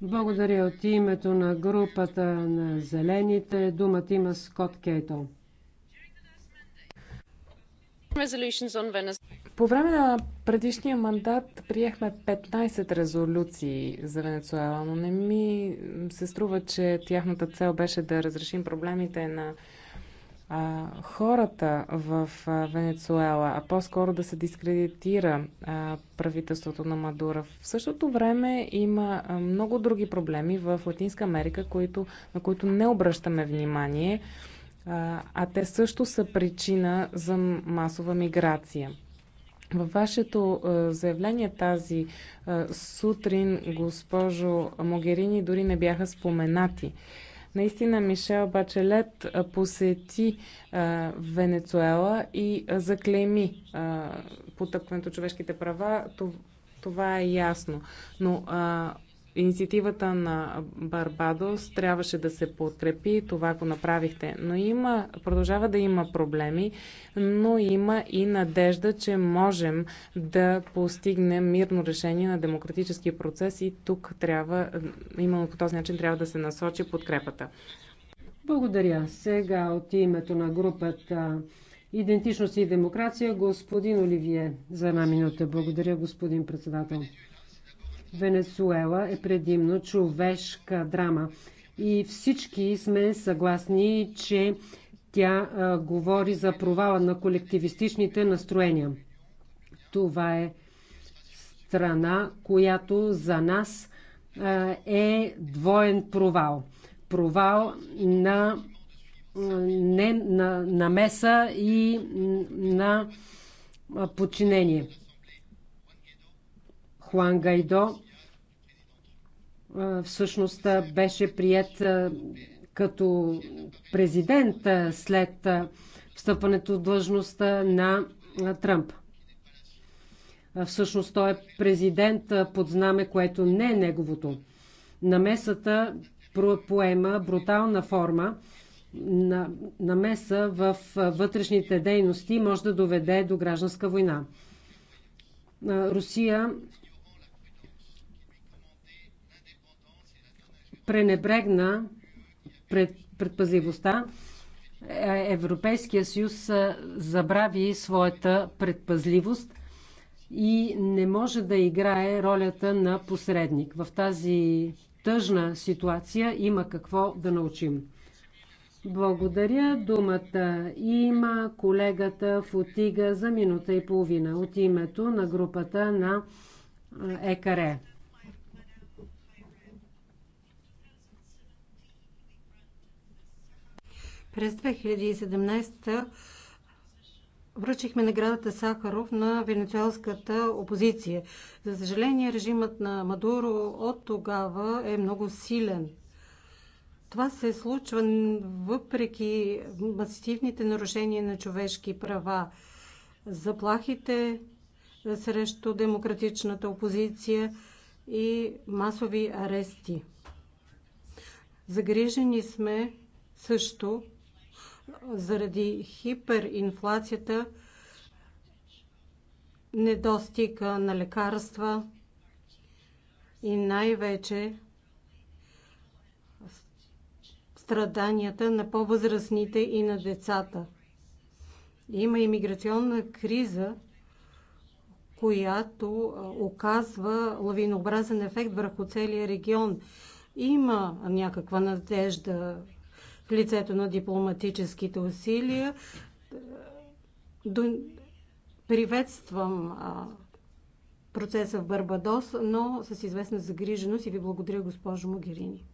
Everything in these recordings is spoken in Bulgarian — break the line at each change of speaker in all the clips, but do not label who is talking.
Благодаря от името на групата на зелените. Думата има Скот
Кейтъл. По време на предишния мандат приехме 15 резолюции за Венецуела, но не ми се струва, че тяхната цел беше да разрешим проблемите на а, хората в а, Венецуела, а по-скоро да се дискредитира а, правителството на Мадура. В същото време има а, много други проблеми в Латинска Америка, които, на които не обръщаме внимание, а, а те също са причина за масова миграция. Във вашето заявление тази сутрин, госпожо Могерини, дори не бяха споменати Наистина Мишел Бачелет посети а, Венецуела и заклейми потъпването човешките права. Това е ясно. Но а, Инициативата на Барбадос трябваше да се подкрепи, това го направихте. Но има, продължава да има проблеми, но има и надежда, че можем да постигнем мирно решение на демократическия процес и тук трябва, именно по този начин трябва да се насочи подкрепата. Благодаря. Сега
от името на групата Идентичност и демокрация, господин Оливие, за една минута. Благодаря, господин председател. Венесуела е предимно човешка драма. И всички сме съгласни, че тя а, говори за провала на колективистичните настроения. Това е страна, която за нас а, е двоен провал. Провал на не на намеса и на подчинение. Хуан Гайдо всъщност беше прият като президент след встъпването в длъжността на Тръмп. Всъщност той е президент под знаме, което не е неговото. Намесата поема брутална форма на намеса в вътрешните дейности може да доведе до гражданска война. Русия пренебрегна пред, предпазливостта. Е, Европейския съюз забрави своята предпазливост и не може да играе ролята на посредник. В тази тъжна ситуация има какво да научим. Благодаря. Думата има колегата Отига за минута и половина от името на групата на ЕКАРЕ.
През 2017 връчихме наградата Сахаров на венецуелската опозиция. За съжаление, режимът на Мадуро от тогава е много силен. Това се случва въпреки масивните нарушения на човешки права, заплахите срещу демократичната опозиция и масови арести. Загрижени сме също заради хиперинфлацията, недостига на лекарства и най-вече страданията на по-възрастните и на децата. Има имиграционна криза, която оказва лавинообразен ефект върху целия регион. Има някаква надежда в лицето на дипломатическите усилия. Приветствам процеса в Барбадос, но с известна загриженост и ви благодаря, госпожо Могерини.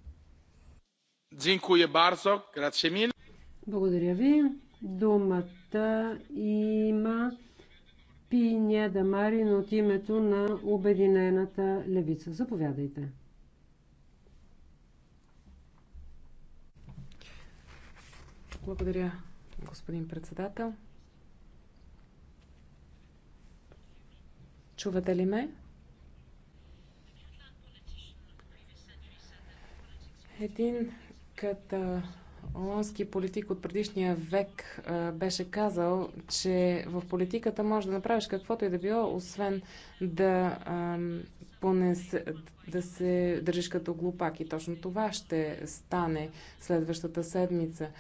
Благодаря
ви. Думата има Пиня Дамарин от името на Обединената левица. Заповядайте.
Благодаря, господин председател. Чувате ли ме? Един каталонски политик от предишния век беше казал, че в политиката може да направиш каквото и да било, освен да, понес, да се държиш като глупак. И точно това ще стане следващата седмица.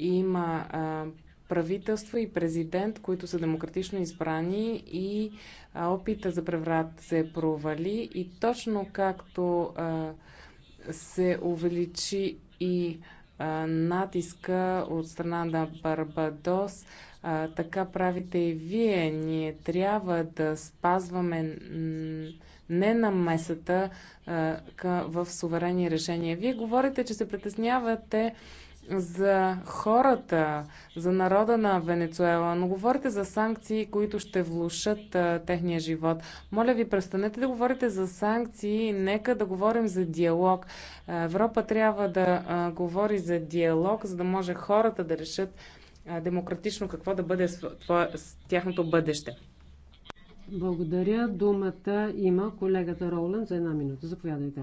Има а, правителства и президент, които са демократично избрани и а, опита за преврат се провали и точно както а, се увеличи и а, натиска от страна на Барбадос, а, така правите и вие. Ние трябва да спазваме не намесата а, в суверени решения. Вие говорите, че се притеснявате за хората, за народа на Венецуела, но говорите за санкции, които ще влушат а, техния живот. Моля ви, престанете да говорите за санкции, нека да говорим за диалог. А, Европа трябва да а, говори за диалог, за да може хората да решат а, демократично какво да бъде с, това, с тяхното бъдеще.
Благодаря. Думата има колегата Роланд за една минута. Заповядайте.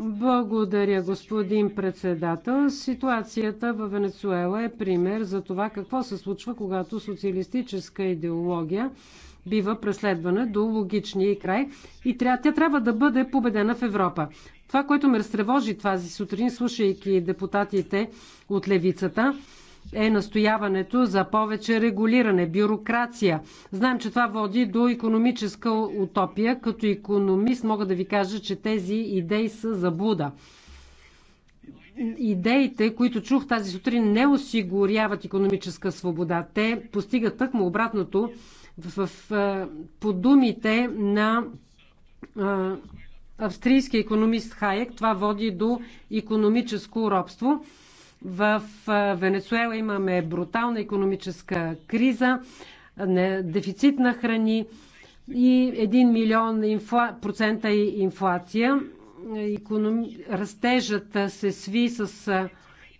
Благодаря, господин председател. Ситуацията в Венецуела е пример за това какво се случва, когато социалистическа идеология бива преследвана до логичния край и тя, тя трябва да бъде победена в Европа. Това, което ме разтревожи тази сутрин, слушайки депутатите от левицата, е настояването за повече регулиране, бюрокрация. Знаем, че това води до економическа утопия. Като економист мога да ви кажа, че тези идеи са заблуда идеите, които чух тази сутрин, не осигуряват економическа свобода. Те постигат тъкмо обратното в, в, е, по думите на а, е, австрийския економист Хайек. Това води до економическо робство. В Венецуела имаме брутална економическа криза, дефицит на храни и 1 милион инфла... процента е инфлация. Економ... Растежът се сви с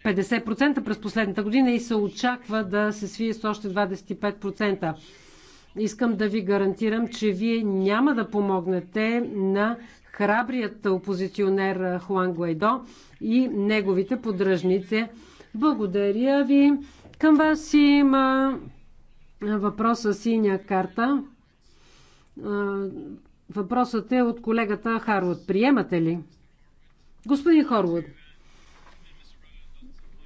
50% през последната година и се очаква да се свие с още 25%. Искам да ви гарантирам, че вие няма да помогнете на храбрият опозиционер Хуан Гуайдо и неговите поддръжници. Благодаря ви. Към вас има въпроса синя карта. Въпросът е от колегата Харвуд. Приемате ли? Господин Хорвуд,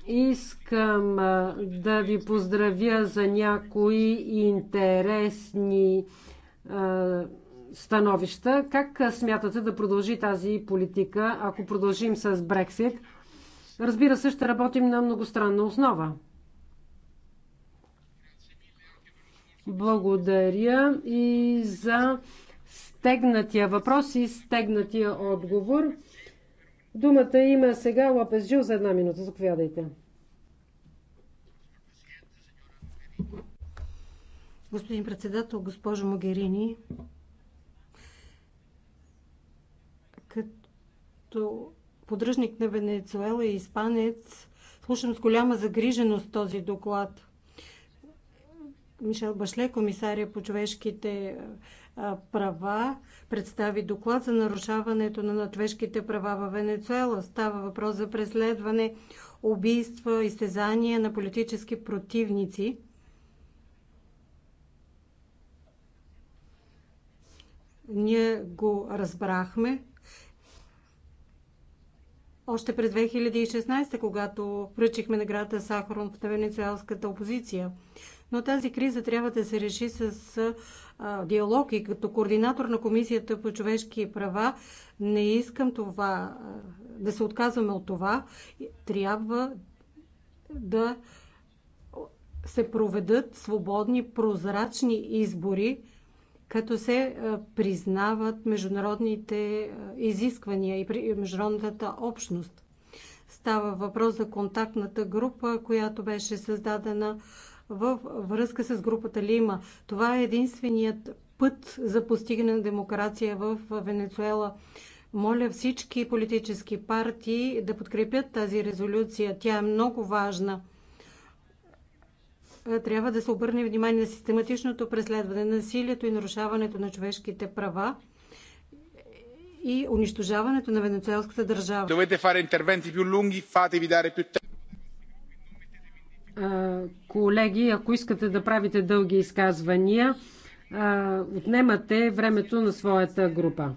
искам да ви поздравя за някои интересни становища. Как смятате да продължи тази политика, ако продължим с Брексит? Разбира се, ще работим на многостранна основа. Благодаря и за стегнатия въпрос и стегнатия отговор. Думата има сега Лапес Жил за една минута. Заповядайте.
Господин председател, госпожо Могерини, като подръжник на Венецуела и испанец, слушам с голяма загриженост този доклад. Мишел Башле, комисария по човешките права, представи доклад за нарушаването на човешките права в Венецуела. Става въпрос за преследване, убийства, изтезания на политически противници. Ние го разбрахме още през 2016, когато връчихме наградата Сахарон на венецуелската опозиция. Но тази криза трябва да се реши с а, диалог и като координатор на Комисията по човешки права не искам това, а, да се отказваме от това. Трябва да се проведат свободни, прозрачни избори, като се признават международните изисквания и международната общност. Става въпрос за контактната група, която беше създадена във връзка с групата Лима. Това е единственият път за постигане на демокрация в Венецуела. Моля всички политически партии да подкрепят тази резолюция. Тя е много важна. Е, трябва да се обърне внимание на систематичното преследване, насилието и нарушаването на човешките права и унищожаването на венецуелската държава.
Dovete fare interventi più фате ви даре più
е, Колеги, ако искате да правите дълги
изказвания, е, отнемате времето на своята група.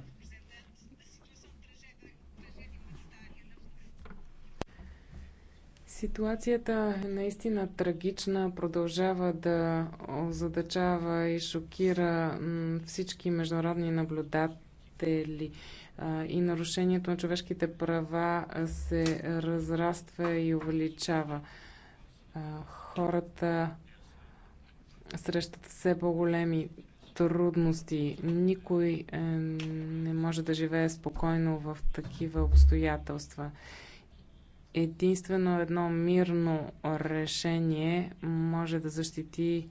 Ситуацията е наистина трагична, продължава да озадачава и шокира всички международни наблюдатели и нарушението на човешките права се разраства и увеличава. Хората срещат все по-големи трудности. Никой е, не може да живее спокойно в такива обстоятелства единствено едно мирно решение може да защити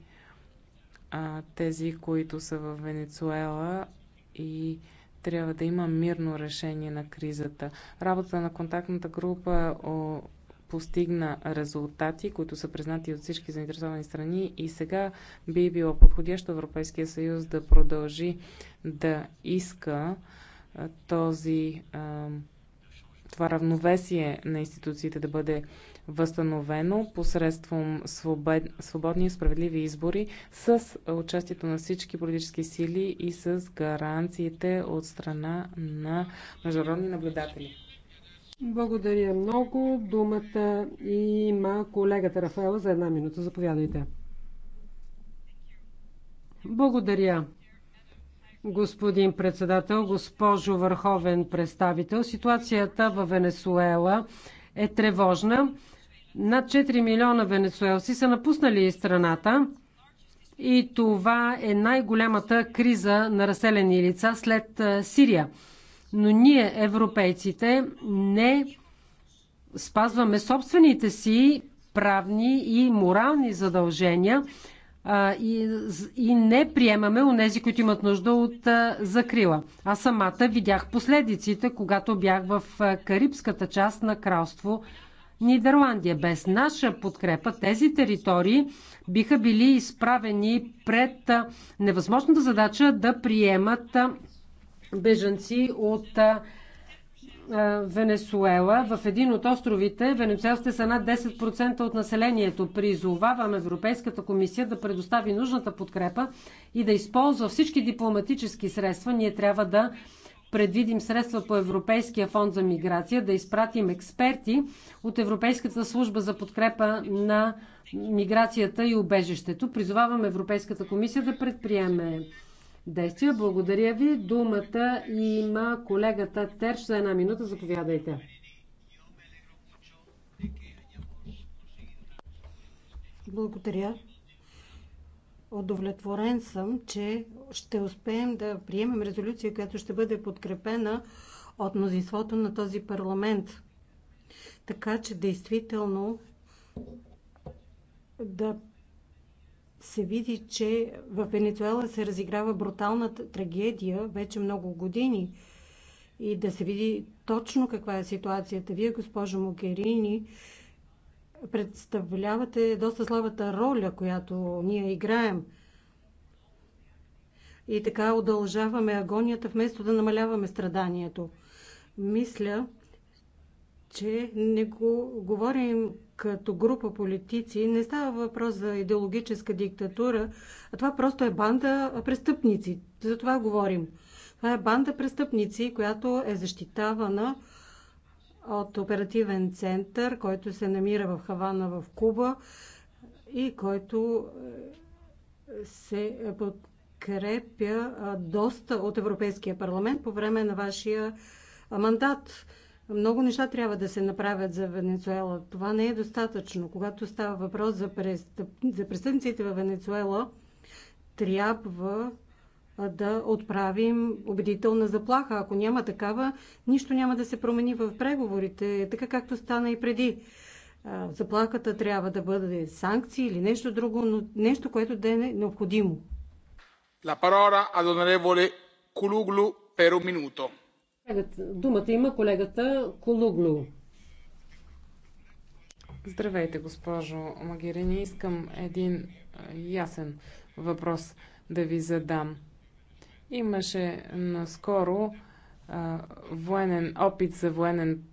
а, тези, които са в Венецуела и трябва да има мирно решение на кризата. Работата на контактната група о, постигна резултати, които са признати от всички заинтересовани страни и сега би било подходящо Европейския съюз да продължи да иска а, този а, това равновесие на институциите да бъде възстановено посредством свободни и справедливи избори с участието на всички политически сили и с гаранциите от страна на международни наблюдатели.
Благодаря много. Думата има колегата Рафаела за една минута. Заповядайте. Благодаря господин председател, госпожо върховен представител. Ситуацията в Венесуела е тревожна. Над 4 милиона венесуелци са напуснали страната и това е най-голямата криза на разселени лица след е, Сирия. Но ние, европейците, не спазваме собствените си правни и морални задължения и, и не приемаме нези, които имат нужда от закрила. Аз самата видях последиците, когато бях в карибската част на кралство Нидерландия. Без наша подкрепа тези територии биха били изправени пред невъзможната задача да приемат бежанци от е, Венесуела. В един от островите венецуелците са над 10% от населението. Призовавам Европейската комисия да предостави нужната подкрепа и да използва всички дипломатически средства. Ние трябва да предвидим средства по Европейския фонд за миграция, да изпратим експерти от Европейската служба за подкрепа на миграцията и убежището. Призовавам Европейската комисия да предприеме действия. Благодаря ви. Думата има колегата Терш за една минута. Заповядайте.
Благодаря. Удовлетворен съм, че ще успеем да приемем резолюция, която ще бъде подкрепена от мнозинството на този парламент. Така че действително да се види, че в Венецуела се разиграва брутална трагедия вече много години и да се види точно каква е ситуацията. Вие, госпожо Могерини, представлявате доста слабата роля, която ние играем. И така удължаваме агонията, вместо да намаляваме страданието. Мисля, че не го говорим като група политици. Не става въпрос за идеологическа диктатура, а това просто е банда престъпници. За това говорим. Това е банда престъпници, която е защитавана от оперативен център, който се намира в Хавана, в Куба и който е, се подкрепя доста от Европейския парламент по време на вашия мандат. Много неща трябва да се направят за Венецуела. Това не е достатъчно. Когато става въпрос за, престъп... за престъпниците в Венецуела, трябва да отправим убедителна заплаха. Ако няма такава, нищо няма да се промени в преговорите, така както стана и преди. Заплахата трябва да бъде санкции или нещо друго, но нещо, което да е необходимо.
La parola ad onorevole Culuglu per un minuto. Думата има колегата Колуглу. Здравейте, госпожо Магирини. Искам един е, ясен въпрос да ви задам. Имаше наскоро а, е, военен опит за военен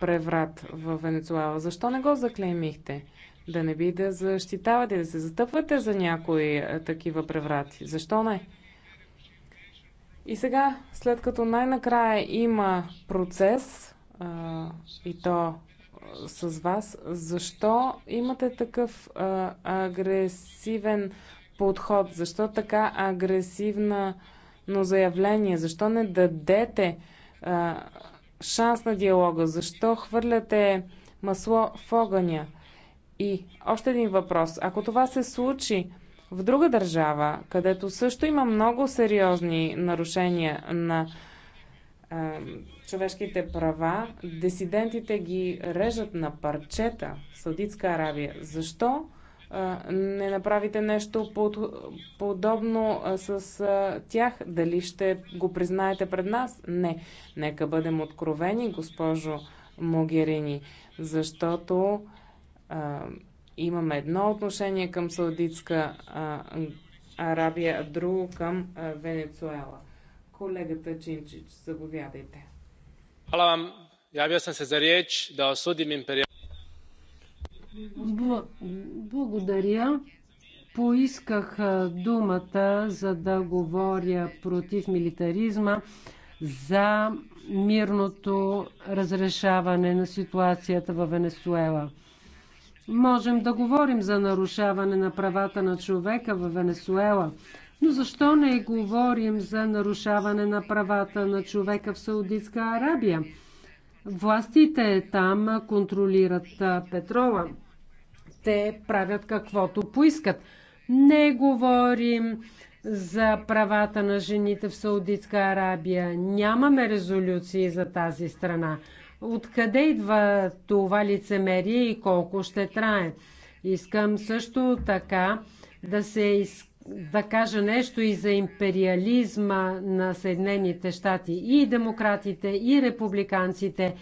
преврат в Венецуела. Защо не го заклеймихте? Да не би да защитавате, да се застъпвате за някои е, такива преврати. Защо не? И сега, след като най-накрая има процес а, и то с вас, защо имате такъв а, агресивен подход? Защо така агресивно заявление? Защо не дадете а, шанс на диалога? Защо хвърляте масло в огъня? И още един въпрос. Ако това се случи, в друга държава, където също има много сериозни нарушения на е, човешките права, десидентите ги режат на парчета в Саудитска Аравия. Защо е, не направите нещо под, подобно е, с тях? Дали ще го признаете пред нас? Не. Нека бъдем откровени, госпожо Могерини, защото имаме едно отношение към Саудитска Арабия, а друго към Венецуела. Колегата Чинчич, заповядайте.
Явил съм се за реч да осудим imperial... Благодаря. Поисках думата, за да говоря против милитаризма, за мирното разрешаване на ситуацията във Венесуела. Можем да говорим за нарушаване на правата на човека в Венесуела, но защо не говорим за нарушаване на правата на човека в Саудитска Арабия? Властите там контролират петрола. Те правят каквото поискат. Не говорим за правата на жените в Саудитска Арабия. Нямаме резолюции за тази страна. Откъде идва това лицемерие и колко ще трае? Искам също така да се изкажа да кажа нещо и за империализма на Съединените щати. И демократите, и републиканците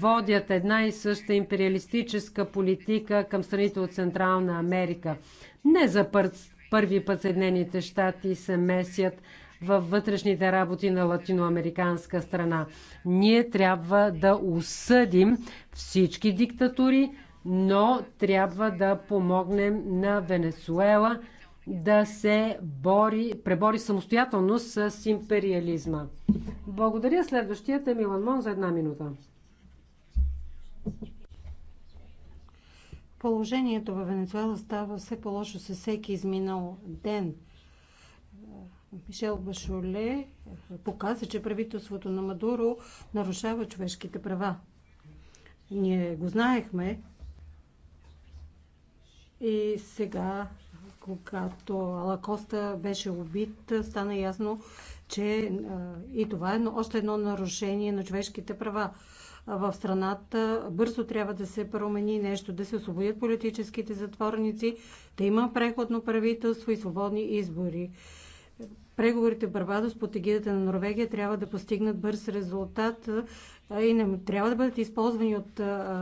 водят една и съща империалистическа политика към страните от Централна Америка. Не за пър... първи път Съединените щати се месят във вътрешните работи на латиноамериканска страна. Ние трябва да осъдим всички диктатури, но трябва да помогнем на Венесуела да се бори, пребори самостоятелно с империализма. Благодаря. Следващият
е Милан Мон за една минута. Положението във Венецуела става все по-лошо с всеки изминал ден – Мишел Башоле е, показа, че правителството на Мадуро нарушава човешките права. Ние го знаехме и сега, когато Алакоста беше убит, стана ясно, че е, и това е още едно нарушение на човешките права в страната. Бързо трябва да се промени нещо, да се освободят политическите затворници, да има преходно правителство и свободни избори преговорите в Барбадос под егидата на Норвегия трябва да постигнат бърз резултат и не трябва да бъдат използвани от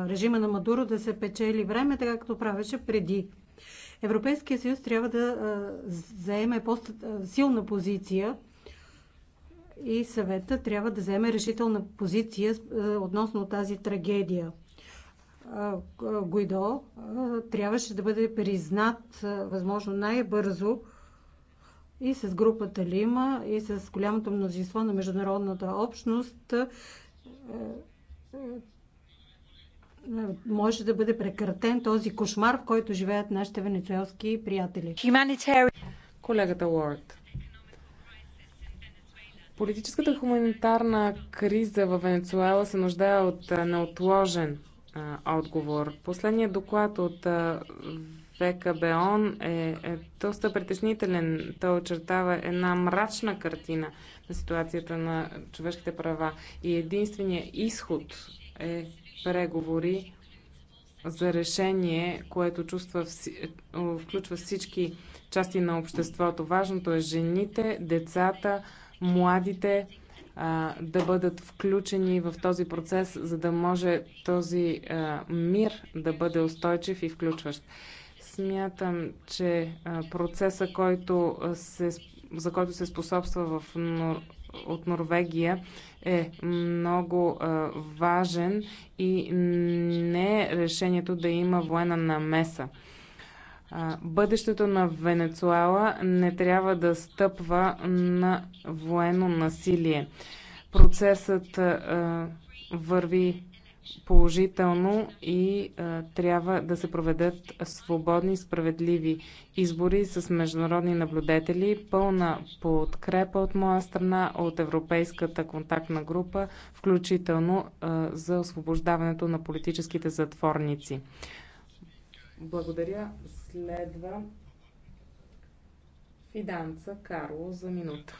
режима на Мадуро да се печели време, така както правеше преди. Европейския съюз трябва да заеме по-силна позиция и съвета трябва да вземе решителна позиция относно тази трагедия. Гойдо трябваше да бъде признат възможно най-бързо и с групата Лима, и с голямото мнозинство на международната общност е, е, може да бъде прекратен този кошмар, в който живеят нашите венецуелски приятели. Колегата
Уорд. Политическата хуманитарна криза в Венецуела се нуждае от е, неотложен отговор. Последният доклад от ВКБОН е, е доста притеснителен. Той очертава една мрачна картина на ситуацията на човешките права. И единственият изход е преговори за решение, което чувства, е, включва всички части на обществото. Важното е жените, децата, младите а, да бъдат включени в този процес, за да може този а, мир да бъде устойчив и включващ. Смятам, че процеса, който се, за който се способства в, от Норвегия, е много важен и не е решението да има военна намеса. Бъдещето на Венецуела не трябва да стъпва на военно насилие. Процесът върви положително и а, трябва да се проведат свободни и справедливи избори с международни наблюдатели, пълна подкрепа от моя страна от Европейската контактна група, включително а, за освобождаването на политическите затворници. Благодаря. Следва Фиданца Карло за минута.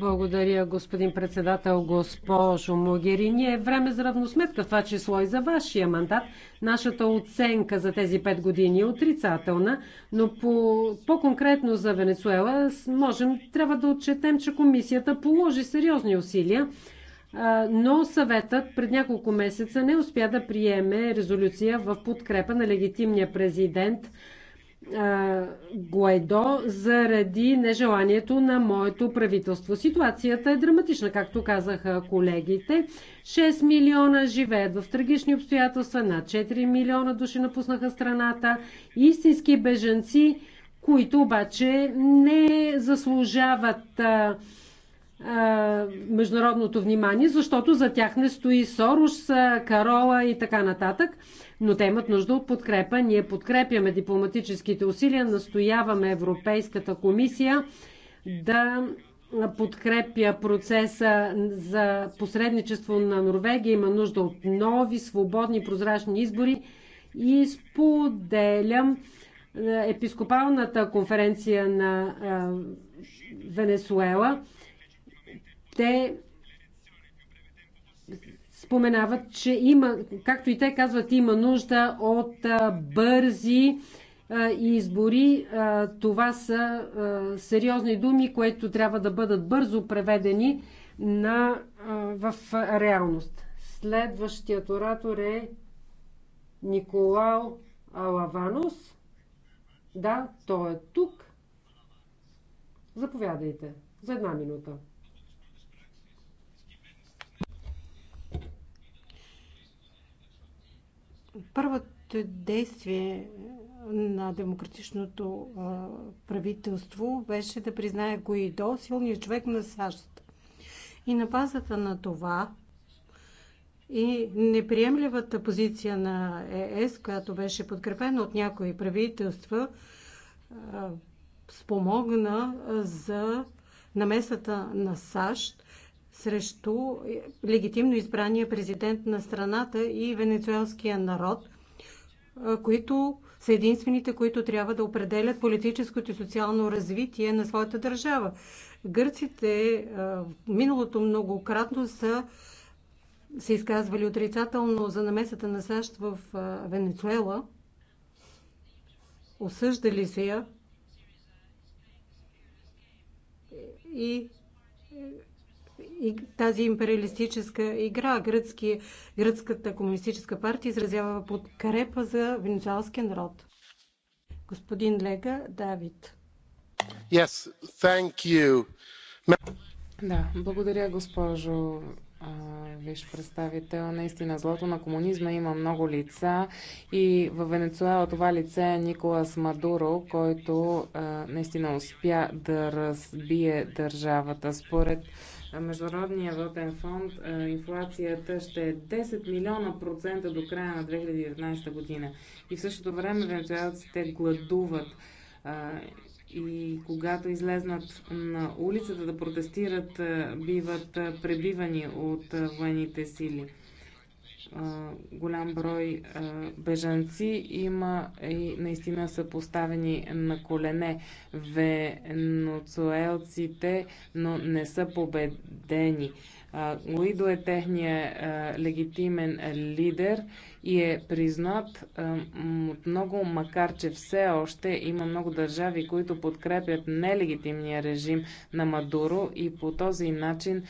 Благодаря, господин председател, госпожо Могери. Ние време за равносметка, това число и за вашия мандат. Нашата оценка за тези пет години е отрицателна, но по, по-конкретно за Венецуела можем, трябва да отчетем, че комисията положи сериозни усилия, но съветът пред няколко месеца не успя да приеме резолюция в подкрепа на легитимния президент Гуайдо заради нежеланието на моето правителство. Ситуацията е драматична, както казаха колегите. 6 милиона живеят в трагични обстоятелства, над 4 милиона души напуснаха страната. Истински беженци, които обаче не заслужават международното внимание, защото за тях не стои Сорош, Карола и така нататък. Но те имат нужда от подкрепа. Ние подкрепяме дипломатическите усилия, настояваме Европейската комисия да подкрепя процеса за посредничество на Норвегия. Има нужда от нови, свободни, прозрачни избори. И споделям епископалната конференция на Венесуела – те споменават, че има, както и те казват, има нужда от бързи избори. Това са сериозни думи, които трябва да бъдат бързо преведени на, в реалност. Следващият оратор е Николао Алаванос. Да, той е тук. Заповядайте за една минута.
Първото действие на демократичното правителство беше да признае Гуидо силният човек на САЩ. И на базата на това и неприемливата позиция на ЕС, която беше подкрепена от някои правителства, спомогна за намесата на САЩ срещу легитимно избрания президент на страната и венецуелския народ, които са единствените, които трябва да определят политическото и социално развитие на своята държава. Гърците в миналото многократно са се изказвали отрицателно за намесата на САЩ в Венецуела, осъждали се я и тази империалистическа игра. Гръцки, Гръцката комунистическа партия изразява подкрепа за венецуалския народ. Господин Лега Давид.
Yes,
thank you.
Да, благодаря, госпожо виж представител. Наистина, злото на комунизма има много лица и в Венецуела това лице е Николас Мадуро, който а, наистина успя да разбие държавата. Според Международния валутен фонд инфлацията ще е 10 милиона процента до края на 2019 година. И в същото време венецуелците гладуват. И когато излезнат на улицата да протестират, биват пребивани от военните сили голям брой бежанци има и наистина са поставени на колене венецуелците, но не са победени. Гуидо е техният легитимен лидер и е признат от много, макар че все още има много държави, които подкрепят нелегитимния режим на Мадуро и по този начин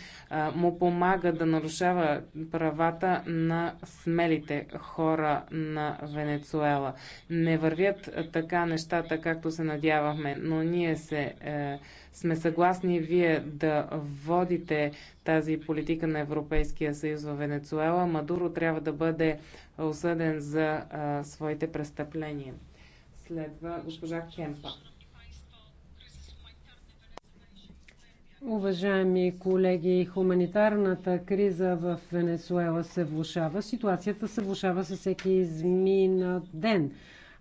му помага да нарушава правата на смелите хора на Венецуела. Не вървят така нещата, както се надявахме, но ние се, е, сме съгласни вие да водите тази политика на Европейския съюз в Венецуела. Мадуро трябва да бъде осъден за а, своите престъпления. Следва госпожа Кемпа.
Уважаеми колеги, хуманитарната криза в Венесуела се влушава. Ситуацията се влушава със всеки изминат ден.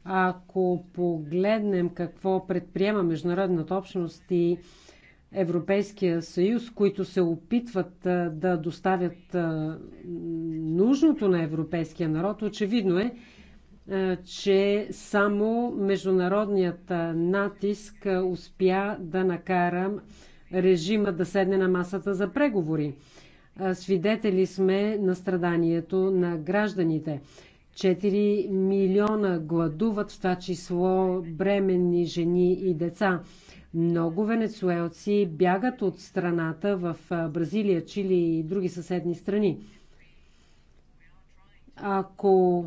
Ако погледнем какво предприема международната общност и Европейския съюз, които се опитват да доставят нужното на европейския народ, очевидно е, че само международният натиск успя да накара режима да седне на масата за преговори. Свидетели сме на страданието на гражданите. 4 милиона гладуват, в това число бременни жени и деца. Много венецуелци бягат от страната в Бразилия, Чили и други съседни страни. Ако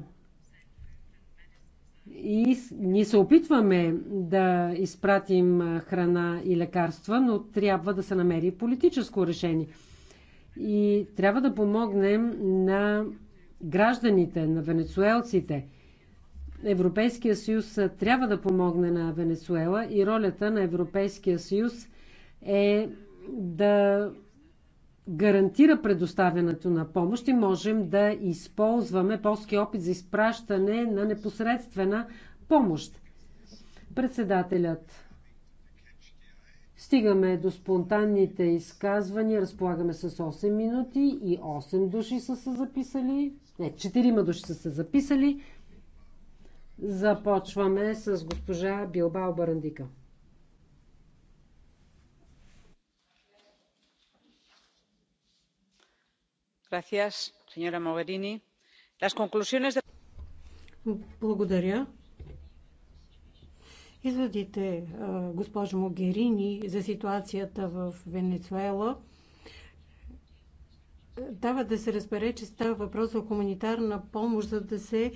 и ние се опитваме да изпратим храна и лекарства, но трябва да се намери политическо решение. И трябва да помогнем на гражданите, на венецуелците. Европейския съюз трябва да помогне на Венесуела и ролята на Европейския съюз е да гарантира предоставянето на помощ и можем да използваме полски опит за изпращане на непосредствена помощ. Председателят. Стигаме до спонтанните изказвания. Разполагаме с 8 минути и 8 души са се записали. Не, 4 души са се записали. Започваме с госпожа Билбао Барандика.
Благодаря. Изводите, госпожо Могерини, за ситуацията в Венецуела – дава да се разбере, че става въпрос за хуманитарна помощ, за да се,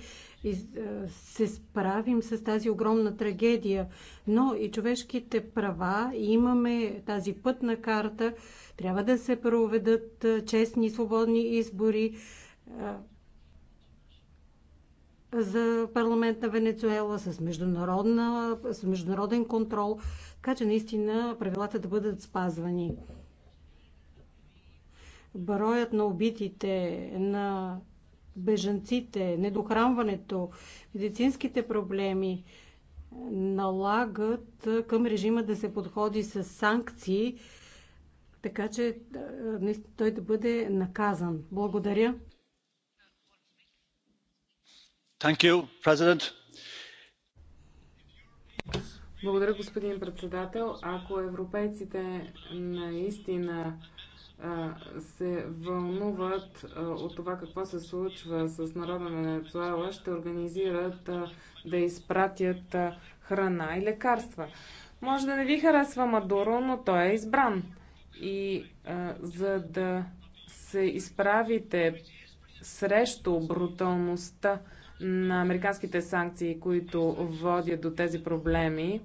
се справим с тази огромна трагедия. Но и човешките права, имаме тази пътна карта, трябва да се проведат честни и свободни избори за парламент на Венецуела с, международна, с международен контрол, така че наистина правилата да бъдат спазвани броят на убитите, на бежанците, недохранването, медицинските проблеми налагат към режима да се подходи с санкции, така че той да бъде наказан.
Благодаря.
Thank you, President.
Благодаря, господин председател. Ако европейците наистина се вълнуват от това какво се случва с народа на Венецуела, ще организират да изпратят храна и лекарства. Може да не ви харесва Мадуро, но той е избран. И а, за да се изправите срещу бруталността на американските санкции, които водят до тези проблеми,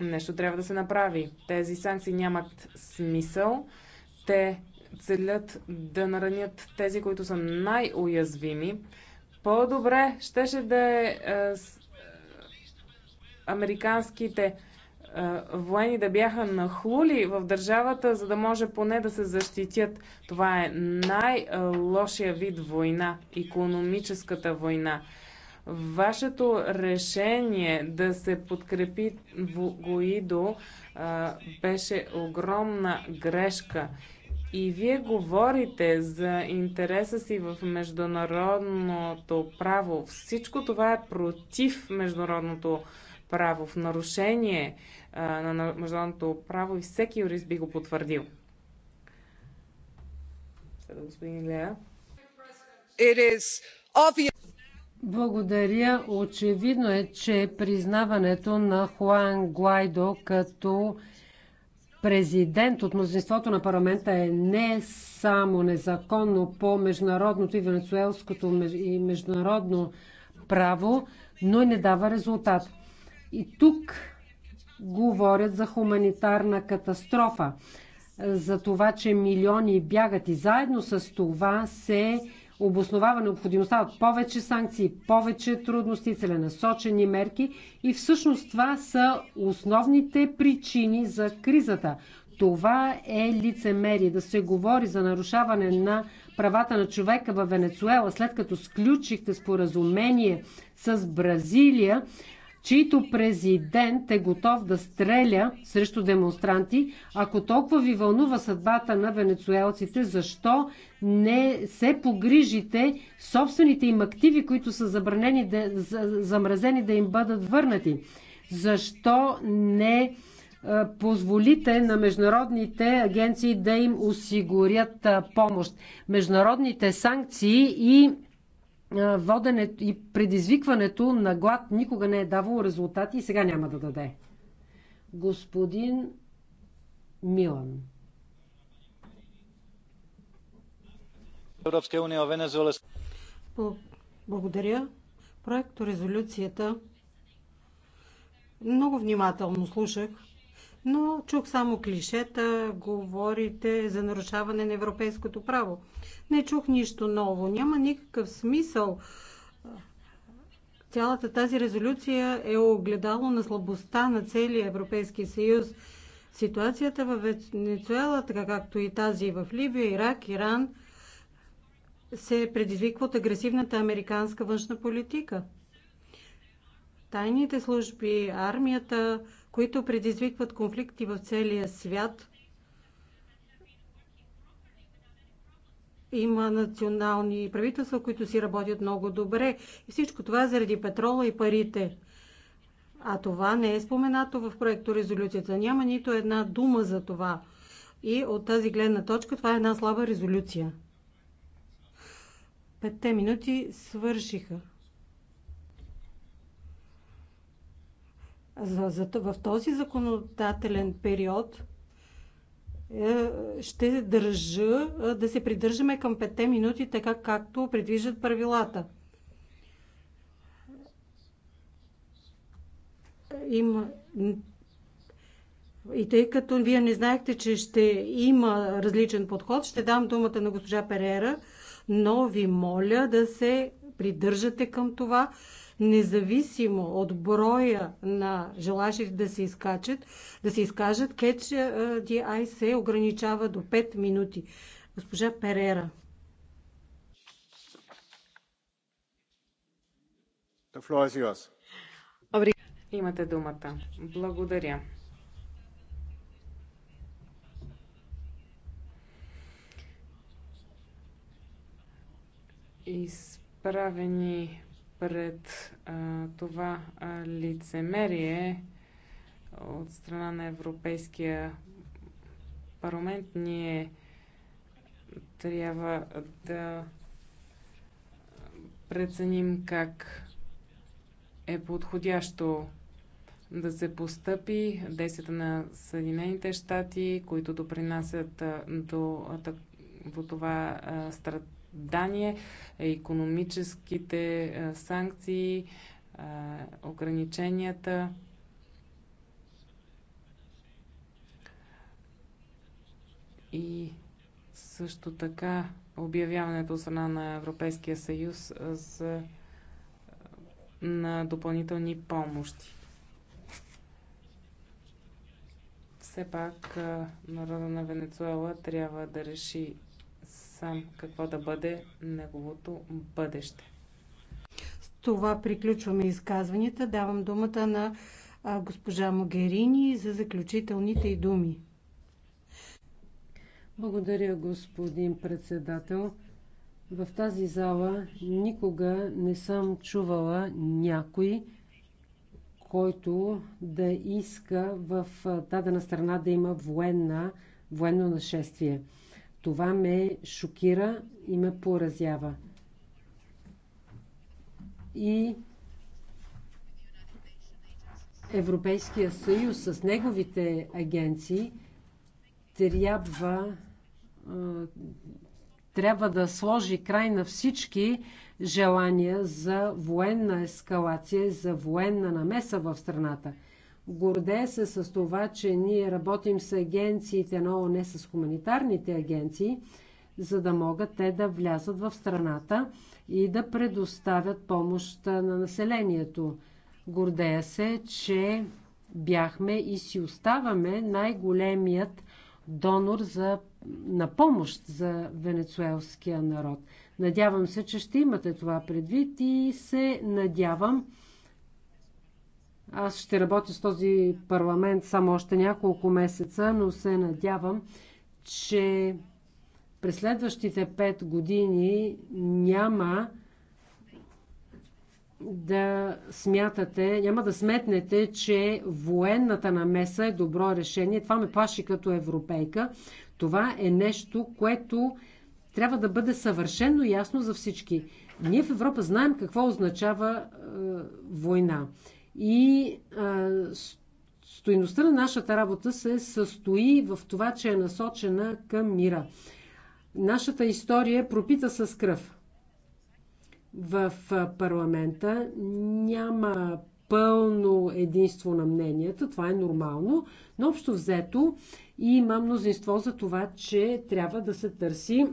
Нещо трябва да се направи. Тези санкции нямат смисъл. Те целят да наранят тези, които са най-уязвими. По-добре щеше да е, е, е американските е, военни да бяха нахлули в държавата, за да може поне да се защитят. Това е най-лошия вид война, економическата война. Вашето решение да се подкрепи Гуидо беше огромна грешка. И вие говорите за интереса си в международното право. Всичко това е против международното право, в нарушение а, на международното право и всеки юрист би го потвърдил. Следва господин Лея. Благодаря.
Очевидно е, че признаването на Хуан Гуайдо като президент от мнозинството на парламента е не само незаконно по международното и венецуелското и международно право, но и не дава резултат. И тук говорят за хуманитарна катастрофа, за това, че милиони бягат и заедно с това се обосновава необходимостта от повече санкции, повече трудности, целенасочени мерки и всъщност това са основните причини за кризата. Това е лицемерие да се говори за нарушаване на правата на човека в Венецуела, след като сключихте споразумение с Бразилия, чийто президент е готов да стреля срещу демонстранти. Ако толкова ви вълнува съдбата на венецуелците, защо не се погрижите собствените им активи, които са забранени да, замразени да им бъдат върнати? Защо не е, позволите на международните агенции да им осигурят е, помощ. Международните санкции и воденето и предизвикването на глад никога не е давало резултати и сега няма да даде. Господин
Милан.
Европейска уния Венезуела.
Благодаря. Проекто резолюцията много внимателно слушах но чух само клишета, говорите за нарушаване на европейското право. Не чух нищо ново. Няма никакъв смисъл. Цялата тази резолюция е огледало на слабостта на целия Европейски съюз. Ситуацията в Венецуела, така както и тази в Либия, Ирак, Иран, се предизвиква от агресивната американска външна политика. Тайните служби, армията които предизвикват конфликти в целия свят. Има национални правителства, които си работят много добре. И всичко това е заради петрола и парите. А това не е споменато в проекто резолюцията. Няма нито една дума за това. И от тази гледна точка това е една слаба резолюция. Петте минути свършиха. за, за, в този законодателен период е, ще държа е, да се придържаме към 5 минути, така както предвиждат правилата. Има и тъй като вие не знаехте, че ще има различен подход, ще дам думата на госпожа Перера, но ви моля да се придържате към това, независимо от броя на желащите да се, изкачат, да се изкажат, кетч DI се ограничава до 5 минути. Госпожа Перера.
The floor is yours.
Имате думата. Благодаря. Изправени пред а, това а, лицемерие от страна на Европейския парламент, ние трябва да преценим как е подходящо да се постъпи действията на Съединените щати, които допринасят до, до това страт Дания, економическите санкции, ограниченията. И също така обявяването от страна на Европейския съюз за, на допълнителни помощи. Все пак народа на Венецуела трябва да реши сам какво да бъде неговото бъдеще. С това приключваме
изказванията. Давам думата на госпожа Могерини за заключителните й думи. Благодаря, господин председател.
В тази зала никога не съм чувала някой, който да иска в дадена страна да има военна, военно нашествие. Това ме шокира и ме поразява. И Европейския съюз с неговите агенции трябва, трябва да сложи край на всички желания за военна ескалация, за военна намеса в страната – Гордея се с това, че ние работим с агенциите но не с хуманитарните агенции, за да могат те да влязат в страната и да предоставят помощ на населението. Гордея се, че бяхме и си оставаме най-големият донор за, на помощ за венецуелския народ. Надявам се, че ще имате това предвид и се надявам, аз ще работя с този парламент само още няколко месеца, но се надявам, че през следващите пет години няма да смятате, няма да сметнете, че военната намеса е добро решение. Това ме плаши като европейка. Това е нещо, което трябва да бъде съвършено ясно за всички. Ние в Европа знаем какво означава е, война. И а, стоиността на нашата работа се състои в това, че е насочена към мира. Нашата история е пропита с кръв. В парламента няма пълно единство на мненията, това е нормално, но общо взето има мнозинство за това, че трябва да се търси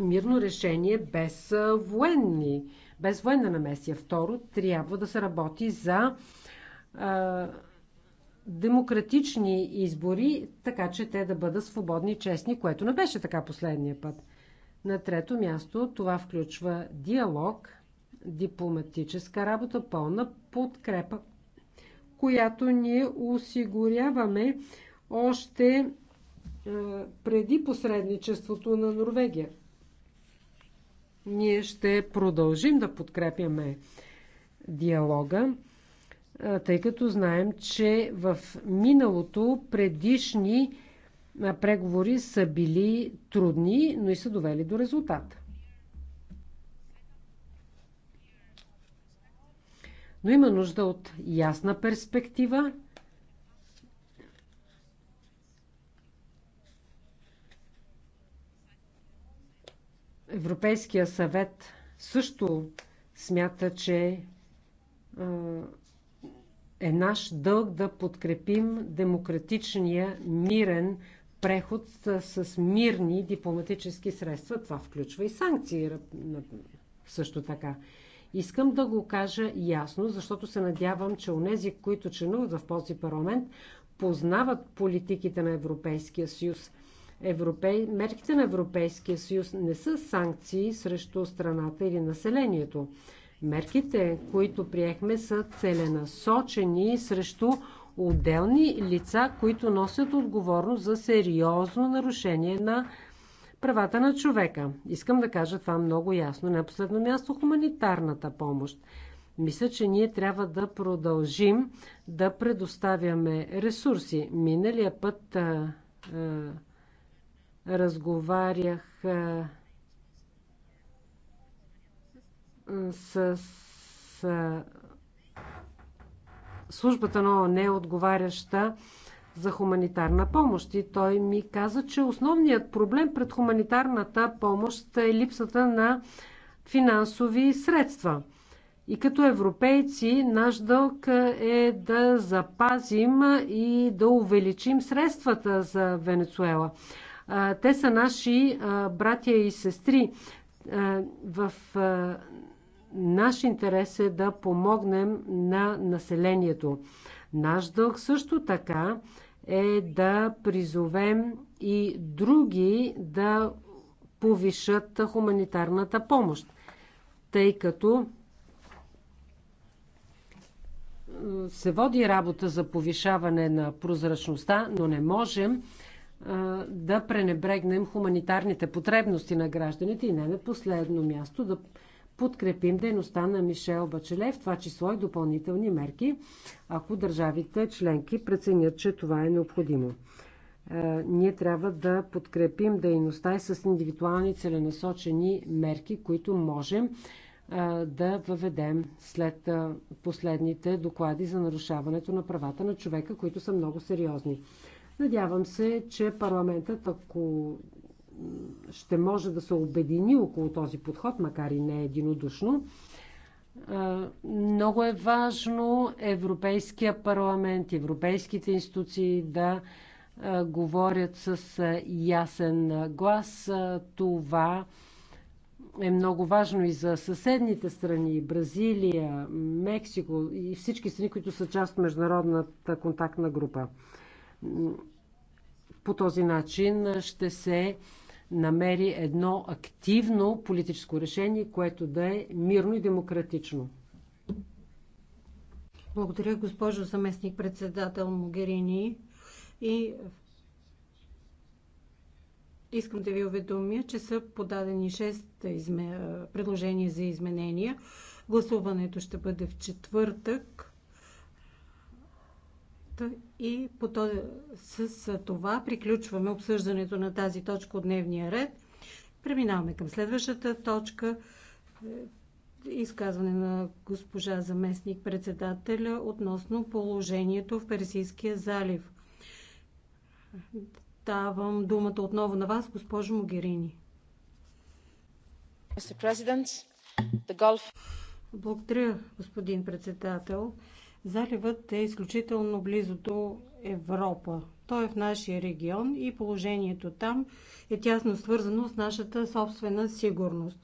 мирно решение без военни без военна намесия. Второ, трябва да се работи за а, демократични избори, така че те да бъдат свободни и честни, което не беше така последния път. На трето място това включва диалог, дипломатическа работа, пълна подкрепа, която ние осигуряваме още преди посредничеството на Норвегия. Ние ще продължим да подкрепяме диалога, тъй като знаем, че в миналото предишни преговори са били трудни, но и са довели до резултат. Но има нужда от ясна перспектива Европейския съвет също смята, че е наш дълг да подкрепим демократичния мирен преход с мирни дипломатически средства. Това включва и санкции също така. Искам да го кажа ясно, защото се надявам, че онези, които членуват в този парламент, познават политиките на Европейския съюз – Европей... Мерките на Европейския съюз не са санкции срещу страната или населението. Мерките, които приехме, са целенасочени срещу отделни лица, които носят отговорност за сериозно нарушение на правата на човека. Искам да кажа това много ясно. На последно място хуманитарната помощ. Мисля, че ние трябва да продължим да предоставяме ресурси. Миналия път а, а, Разговарях с службата на ООН, отговаряща за хуманитарна помощ. И той ми каза, че основният проблем пред хуманитарната помощ е липсата на финансови средства. И като европейци, наш дълг е да запазим и да увеличим средствата за Венецуела. Те са наши братя и сестри. В наш интерес е да помогнем на населението. Наш дълг също така е да призовем и други да повишат хуманитарната помощ, тъй като се води работа за повишаване на прозрачността, но не можем да пренебрегнем хуманитарните потребности на гражданите и не на последно място да подкрепим дейността на Мишел Бачеле, в това число и допълнителни мерки, ако държавите членки преценят, че това е необходимо. Ние трябва да подкрепим дейността и с индивидуални целенасочени мерки, които можем да въведем след последните доклади за нарушаването на правата на човека, които са много сериозни. Надявам се, че парламентът, ако ще може да се обедини около този подход, макар и не единодушно, много е важно Европейския парламент, европейските институции да говорят с ясен глас. Това е много важно и за съседните страни Бразилия, Мексико и всички страни, които са част от международната контактна група. По този начин ще се намери едно активно политическо решение, което да е мирно и демократично.
Благодаря, госпожо заместник председател Могерини. И искам да ви уведомя, че са подадени 6 изме... предложения за изменения. Гласуването ще бъде в четвъртък. И по този, с това приключваме обсъждането на тази точка от дневния ред. Преминаваме към следващата точка. Е, изказване на госпожа заместник председателя относно положението в Персийския залив. Давам думата отново на вас, госпожо Могерини. Благодаря, господин председател. Заливът е изключително близо до Европа. Той е в нашия регион и положението там е тясно свързано с нашата собствена сигурност.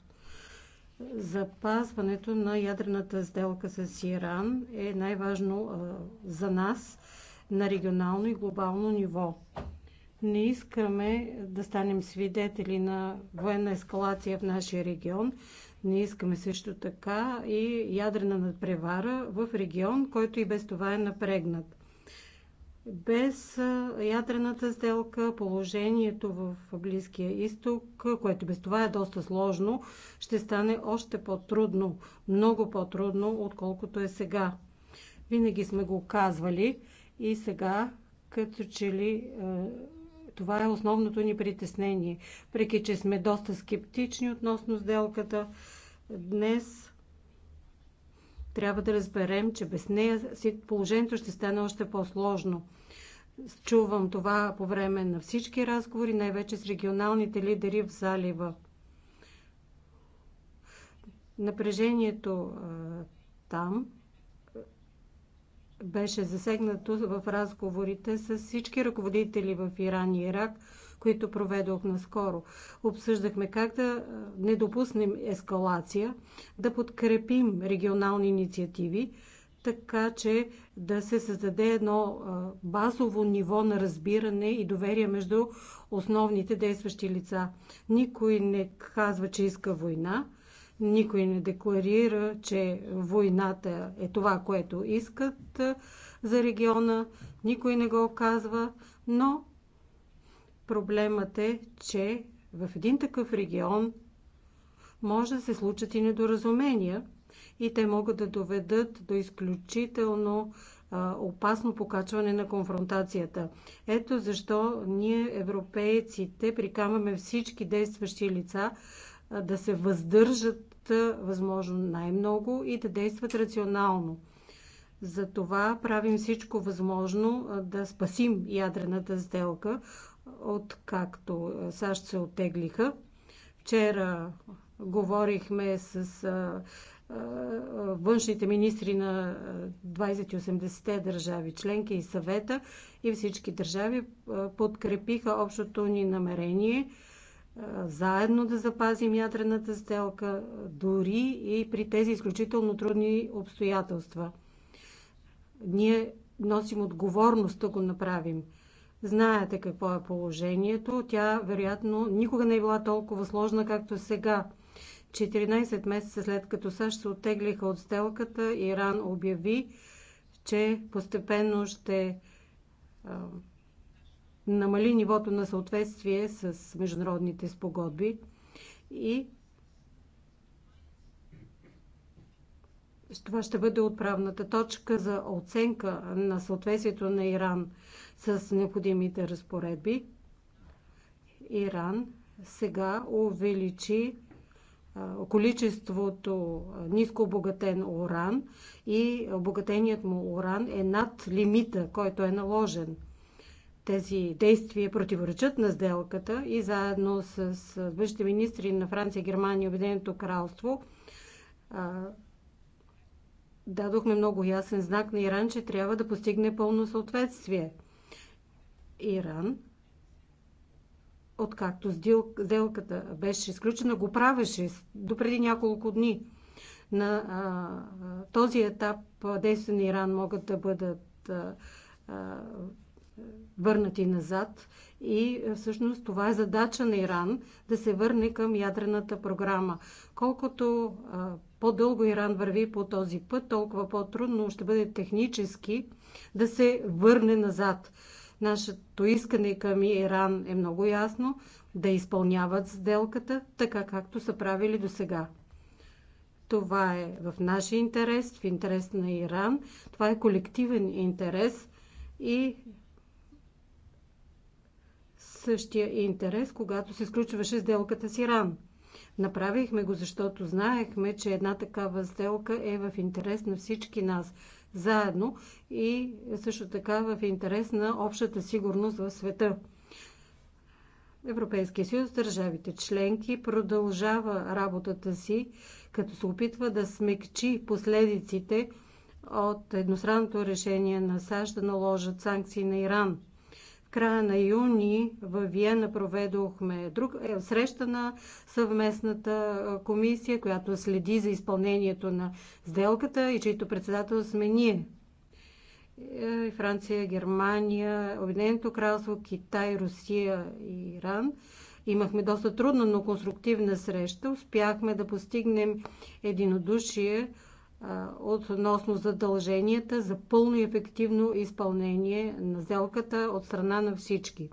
Запазването на ядрената сделка с Иран е най-важно за нас на регионално и глобално ниво. Не искаме да станем свидетели на военна ескалация в нашия регион, не искаме също така и ядрена надпревара в регион, който и без това е напрегнат. Без ядрената сделка положението в Близкия изток, което без това е доста сложно, ще стане още по-трудно, много по-трудно, отколкото е сега. Винаги сме го казвали и сега, като че ли това е основното ни притеснение. Преки, че сме доста скептични относно сделката, днес трябва да разберем, че без нея положението ще стане още по-сложно. Чувам това по време на всички разговори, най-вече с регионалните лидери в залива. Напрежението а, там беше засегнато в разговорите с всички ръководители в Иран и Ирак, които проведох наскоро. Обсъждахме как да не допуснем ескалация, да подкрепим регионални инициативи, така че да се създаде едно базово ниво на разбиране и доверие между основните действащи лица. Никой не казва, че иска война, никой не декларира, че войната е това, което искат за региона. Никой не го оказва, но проблемът е, че в един такъв регион може да се случат и недоразумения и те могат да доведат до изключително опасно покачване на конфронтацията. Ето защо ние, европейците, прикамаме всички действащи лица да се въздържат възможно най-много и да действат рационално. Затова правим всичко възможно да спасим ядрената сделка, откакто САЩ се оттеглиха. Вчера говорихме с а, а, външните министри на 20-80-те държави членки и съвета и всички държави подкрепиха общото ни намерение – заедно да запазим ядрената сделка, дори и при тези изключително трудни обстоятелства. Ние носим отговорност да го направим. Знаете какво е положението. Тя, вероятно, никога не е била толкова сложна, както сега. 14 месеца след като САЩ се оттеглиха от сделката, Иран обяви, че постепенно ще намали нивото на съответствие с международните спогодби и това ще бъде отправната точка за оценка на съответствието на Иран с необходимите разпоредби. Иран сега увеличи количеството ниско обогатен уран и обогатеният му уран е над лимита, който е наложен – тези действия противоречат на сделката и заедно с външните министри на Франция, Германия и Обединеното кралство дадохме много ясен знак на Иран, че трябва да постигне пълно съответствие. Иран, откакто сделката беше изключена, го правеше допреди няколко дни. На а, този етап действия на Иран могат да бъдат а, а, върнати назад и е, всъщност това е задача на Иран да се върне към ядрената програма. Колкото е, по-дълго Иран върви по този път, толкова по-трудно ще бъде технически да се върне назад. Нашето искане към Иран е много ясно да изпълняват сделката така както са правили до сега. Това е в нашия интерес, в интерес на Иран. Това е колективен интерес и същия интерес, когато се сключваше сделката с Иран. Направихме го, защото знаехме, че една такава сделка е в интерес на всички нас заедно и също така в интерес на общата сигурност в света. Европейския съюз, държавите членки продължава работата си, като се опитва да смекчи последиците от едностранното решение на САЩ да наложат санкции на Иран края на юни в Виена проведохме друг, е, среща на съвместната комисия, която следи за изпълнението на сделката и чието председател сме ние. Е, Франция, Германия, Обединеното кралство, Китай, Русия и Иран. Имахме доста трудна, но конструктивна среща. Успяхме да постигнем единодушие относно задълженията за пълно и ефективно изпълнение на сделката от страна на всички.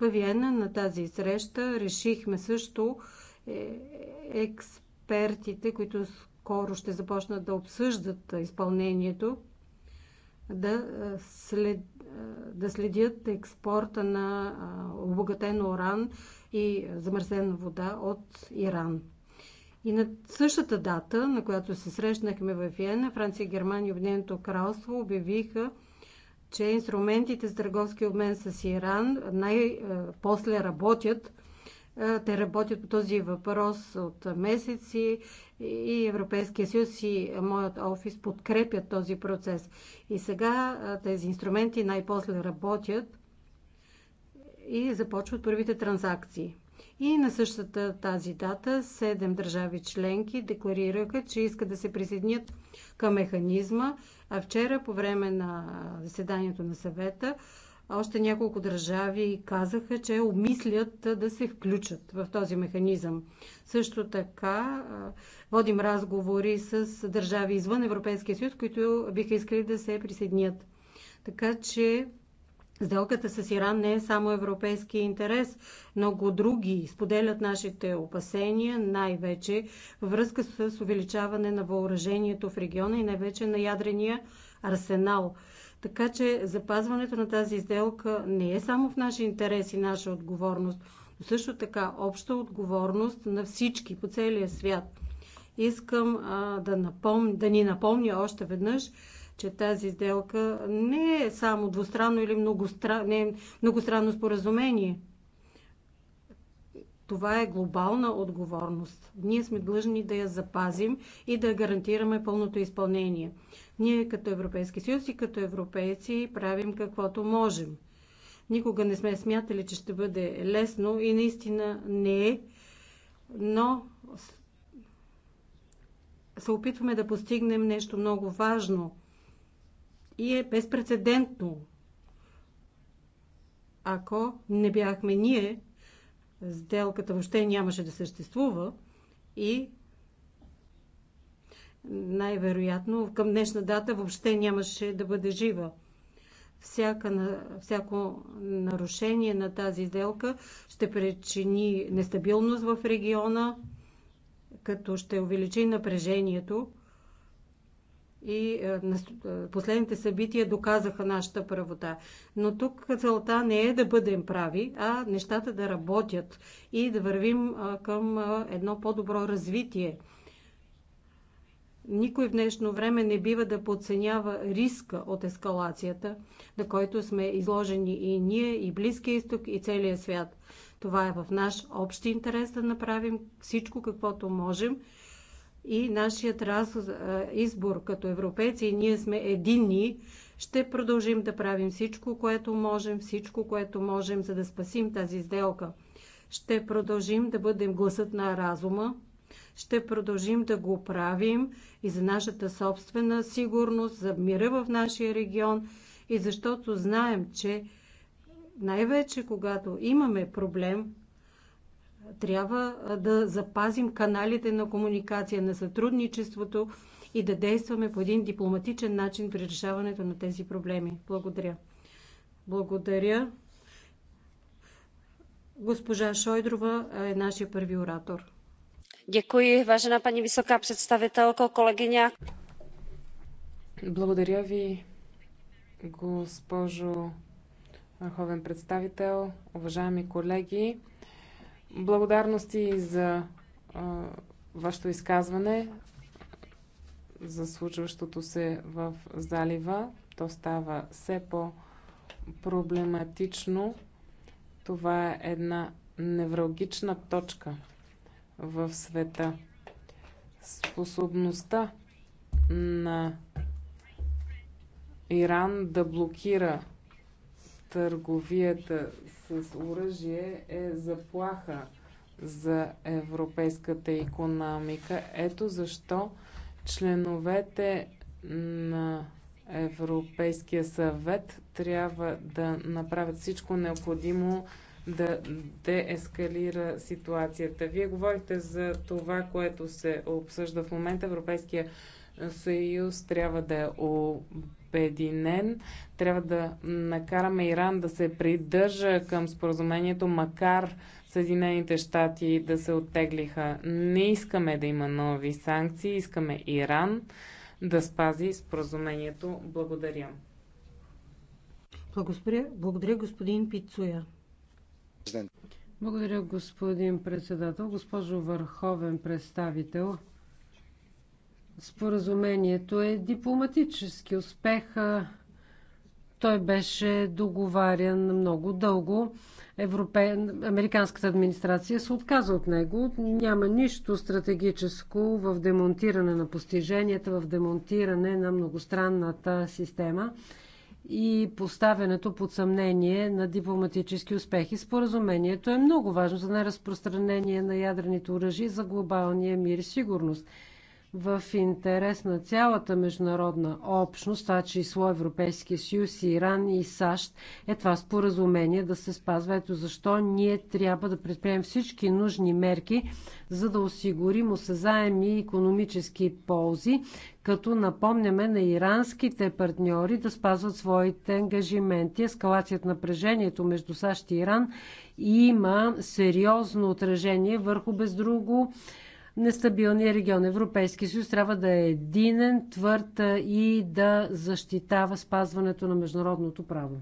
В Виена на тази среща решихме също е, експертите, които скоро ще започнат да обсъждат изпълнението, да, след, да следят експорта на обогатен уран и замърсена вода от Иран. И на същата дата, на която се срещнахме в Виена, Франция, Германия и Обединеното кралство обявиха, че инструментите за търговски обмен с Иран най-после е, работят. Е, те работят по този въпрос от месеци и Европейския съюз и моят офис подкрепят този процес. И сега е, тези инструменти най-после работят и започват първите транзакции. И на същата тази дата седем държави членки декларираха, че искат да се присъединят към механизма, а вчера по време на заседанието на съвета още няколко държави казаха, че обмислят да се включат в този механизъм. Също така водим разговори с държави извън Европейския съюз, които биха искали да се присъединят. Така че Сделката с Иран не е само европейски интерес. Много други споделят нашите опасения, най-вече във връзка с увеличаване на въоръжението в региона и най-вече на ядрения арсенал. Така че запазването на тази сделка не е само в наши интерес и наша отговорност, но също така обща отговорност на всички по целия свят. Искам а, да, напом... да ни напомня още веднъж, че тази сделка не е само двустранно или многостранно, не е многостранно споразумение. Това е глобална отговорност. Ние сме длъжни да я запазим и да гарантираме пълното изпълнение. Ние като Европейски съюз и като европейци правим каквото можем. Никога не сме смятали, че ще бъде лесно и наистина не е, но се опитваме да постигнем нещо много важно и е безпредседентно. Ако не бяхме ние, сделката въобще нямаше да съществува и най-вероятно към днешна дата въобще нямаше да бъде жива. Всяка, всяко нарушение на тази сделка ще причини нестабилност в региона, като ще увеличи напрежението и е, е, последните събития доказаха нашата правота. Но тук целта не е да бъдем прави, а нещата да работят и да вървим е, към едно по-добро развитие. Никой в днешно време не бива да подценява риска от ескалацията, на който сме изложени и ние, и Близкия изток, и целия свят. Това е в наш общ интерес да направим всичко, каквото можем, и нашият раз, избор като европейци, ние сме единни, ще продължим да правим всичко, което можем, всичко, което можем, за да спасим тази сделка. Ще продължим да бъдем гласът на разума, ще продължим да го правим и за нашата собствена сигурност, за мира в нашия регион и защото знаем, че най-вече когато имаме проблем, трябва да запазим каналите на комуникация, на сътрудничеството и да действаме по един дипломатичен начин при решаването на тези проблеми. Благодаря. Благодаря. Госпожа Шойдрова е нашия първи оратор. Дякую, важена пани висока представителка, колегиня.
Благодаря ви, госпожо върховен представител, уважаеми колеги. Благодарности за а, вашето изказване за случващото се в залива. То става все по-проблематично. Това е една невралгична точка в света. Способността на Иран да блокира търговията с оръжие е заплаха за европейската економика. Ето защо членовете на Европейския съвет трябва да направят всичко необходимо да деескалира ситуацията. Вие говорите за това, което се обсъжда в момента. Европейския съюз трябва да е обединен. Трябва да накараме Иран да се придържа към споразумението, макар Съединените щати да се оттеглиха. Не искаме да има нови санкции, искаме Иран да спази споразумението. Благодаря.
Благодаря, благодаря господин Пицуя.
Благодаря, господин председател. Госпожо Върховен представител, Споразумението е дипломатически успех. Той беше договарян много дълго. Европе... Американската администрация се отказа от него. Няма нищо стратегическо в демонтиране на постиженията, в демонтиране на многостранната система и поставянето под съмнение на дипломатически успехи. Споразумението е много важно за неразпространение на ядрените оръжия за глобалния мир и сигурност в интерес на цялата международна общност, това число Европейския съюз, Иран и САЩ, е това споразумение да се спазва. Ето защо ние трябва да предприемем всички нужни мерки, за да осигурим осезаеми економически ползи, като напомняме на иранските партньори да спазват своите ангажименти. Ескалацията на напрежението между САЩ и Иран има сериозно отражение върху без друго нестабилния регион. Европейски съюз трябва да е единен, твърд и да защитава спазването на международното право.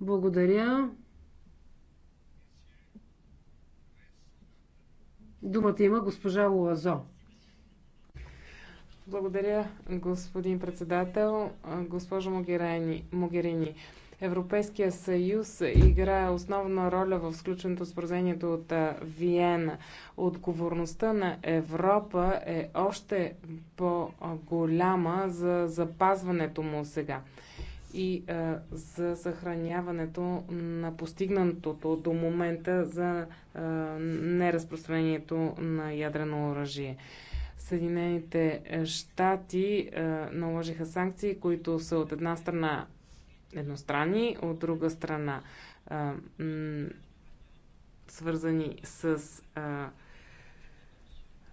Благодаря. Думата има госпожа Лазо.
Благодаря, господин председател. Госпожо Могерени, Европейския съюз играе основна роля в сключеното споразумението от Виена. Отговорността на Европа е още по-голяма за запазването му сега и а, за съхраняването на постигнатото до момента за а, неразпространението на ядрено оръжие. Съединените щати а, наложиха санкции, които са от една страна едностранни, от друга страна а, свързани с а,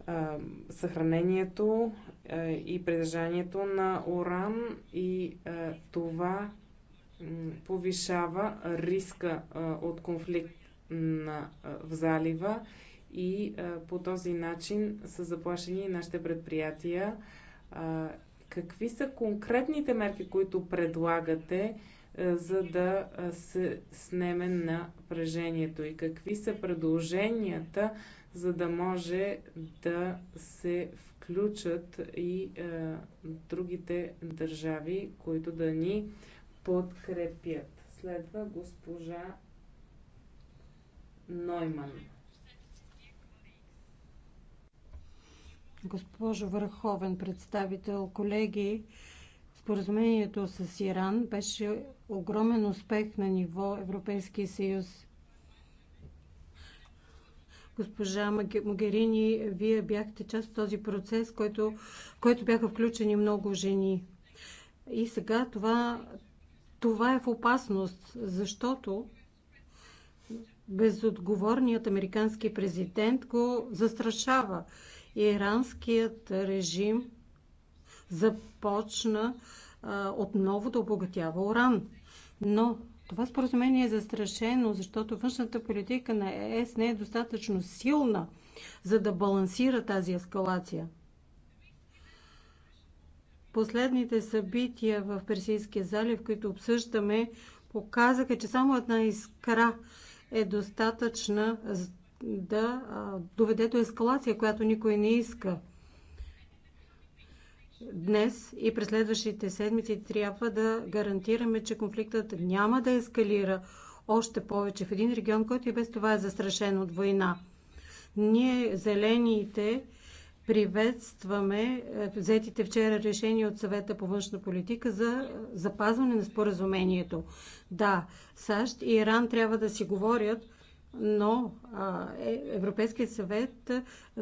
а, съхранението а, и придържанието на уран и а, това повишава риска а, от конфликт на, а, в залива и а, по този начин са заплашени нашите предприятия Какви са конкретните мерки, които предлагате, е, за да е, се снеме напрежението и какви са предложенията, за да може да се включат и е, другите държави, които да ни подкрепят. Следва госпожа Нойман.
Госпожо Върховен представител, колеги, споразумението с Иран беше огромен успех на ниво Европейски съюз. Госпожа Могерини, вие бяхте част от този процес, който, който бяха включени много жени. И сега това, това е в опасност, защото безотговорният американски президент го застрашава иранският режим започна а, отново да обогатява уран. Но това споразумение е застрашено, защото външната политика на ЕС не е достатъчно силна, за да балансира тази ескалация. Последните събития в Персийския залив, които обсъждаме, показаха, че само една искра е достатъчна да доведе до ескалация, която никой не иска. Днес и през следващите седмици трябва да гарантираме, че конфликтът няма да ескалира още повече в един регион, който и без това е застрашен от война. Ние, зелените, приветстваме е, взетите вчера решения от съвета по външна политика за запазване на споразумението. Да, САЩ и Иран трябва да си говорят, но е, Европейският съвет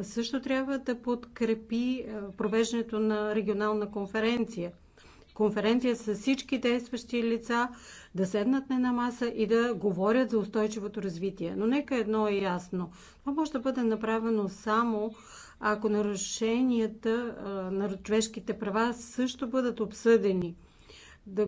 също трябва да подкрепи провеждането на регионална конференция. Конференция с всички действащи лица да седнат на една маса и да говорят за устойчивото развитие. Но нека едно е ясно. Това може да бъде направено само ако нарушенията на човешките права също бъдат обсъдени –